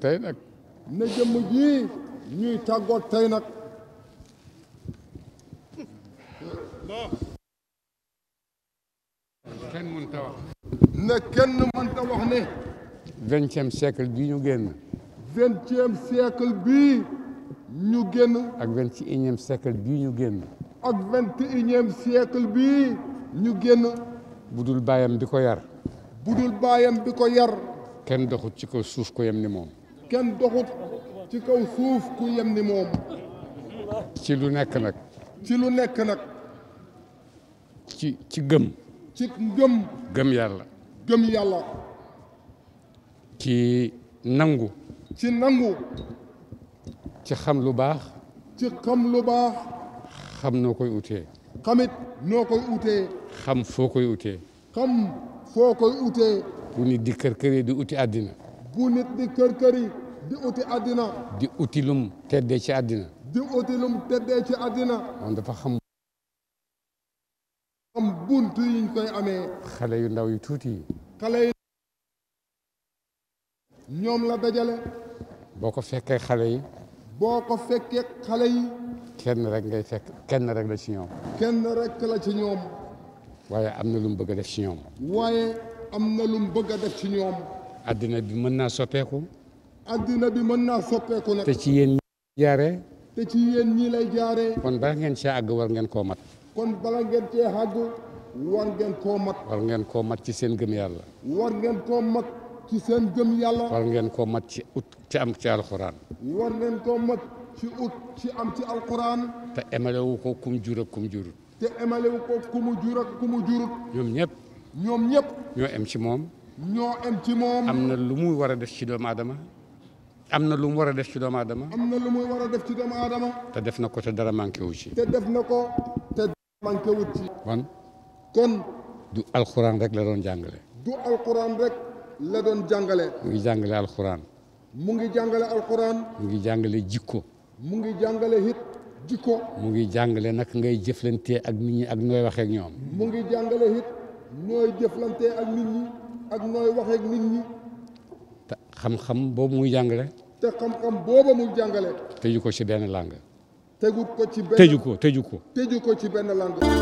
tey nag na jëmm ji ñuy tàggoot tey nag kenn mënta wax ne kenn mënta wax ne vingtième siècle bii ñu génn vingtième siècle bii ñu génn ak vingt et unième bii ñu génn ak vingt et unième ñu génn budul baayam bi ko yar budul baayam bi ko yar kenn doxut ci ko suuf ko yem ni moom kenn doxut ci kaw suuf ku yem ni moom ci lu nekk nag ci lu nekk nag ci ci gëm ci gëm gëm yàlla gëm yàlla ci nangu ci nangu ci xam lu baax ci xam lu baax xam noo koy utee xamit noo koy utee xam foo koy utee xam foo koy utee bu di kër këree di uti àddina bu nit di kër kër yi di uti àddina di uti lum teddee ci àddina di uti lum teddee ci àddina moom dafa xam xam buntu yiñ koy amee xale yu ndaw yu tuuti yi xale yi ñoom la dajale boo ko fekkee xale yi boo ko fekkee xale yi kenn rek ngay fekk kenn rek la ci ñoom kenn rek la ci ñoom waaye am na lu mu bëgg a def ci ñoom waaye am na lu mu bëgg a def ci ñoom addina bi mën naa soppeeku. addina bi mën naa soppeeku nag. te ci yéen ñi jaaree. ñii lay jaaree. kon bala ngeen ci àgg war ngeen koo mat. kon bala ngeen cee àgg war ngeen koo mat. war ngeen koo mat ci seen gëm yàlla. war ngeen koo mat ci seen gëm yàlla. ngeen koo mat ci ut ci am ci alxuraan. war ngeen koo mat ci ut ci am ci alxuraan. te emalewu ko kum jur ak kum jurut. te emalewu ko kumu jur kumu jurut. ñoom ñëpp. ñoom ñëpp. ñoo em ci moom. ñoo am ci moom. am na lu muy war a def ci doomu aadama. am na lu mu war a def ci doomu aadama. am na lu muy war a def ci doomu aadama. te def na ko te dara manqué wu ci. te def na te dara wu ci. kon. kon. du alxuraan rek la doon jàngale. du alxuraan rek la doon jàngale. mu ngi jàngale alxuraan. mu ngi jàngale alxuraan. mu ngi jàngale jikko. mu ngi jàngale hit jikko. mu ngi jàngale nag ngay jëflantee ak nit ñi ak nooy waxee ak ñoom. mu ngi jàngale hit nooy jeflante ak nit ñi. ak nooy waxee ak nit ñi. te xam-xam boobu muy jàngale. te xam-xam boobu muy jàngale. tëju ko ci benn langue. tegu ko ci benn tëju ko tëju ko. tëju ko ci benn langue.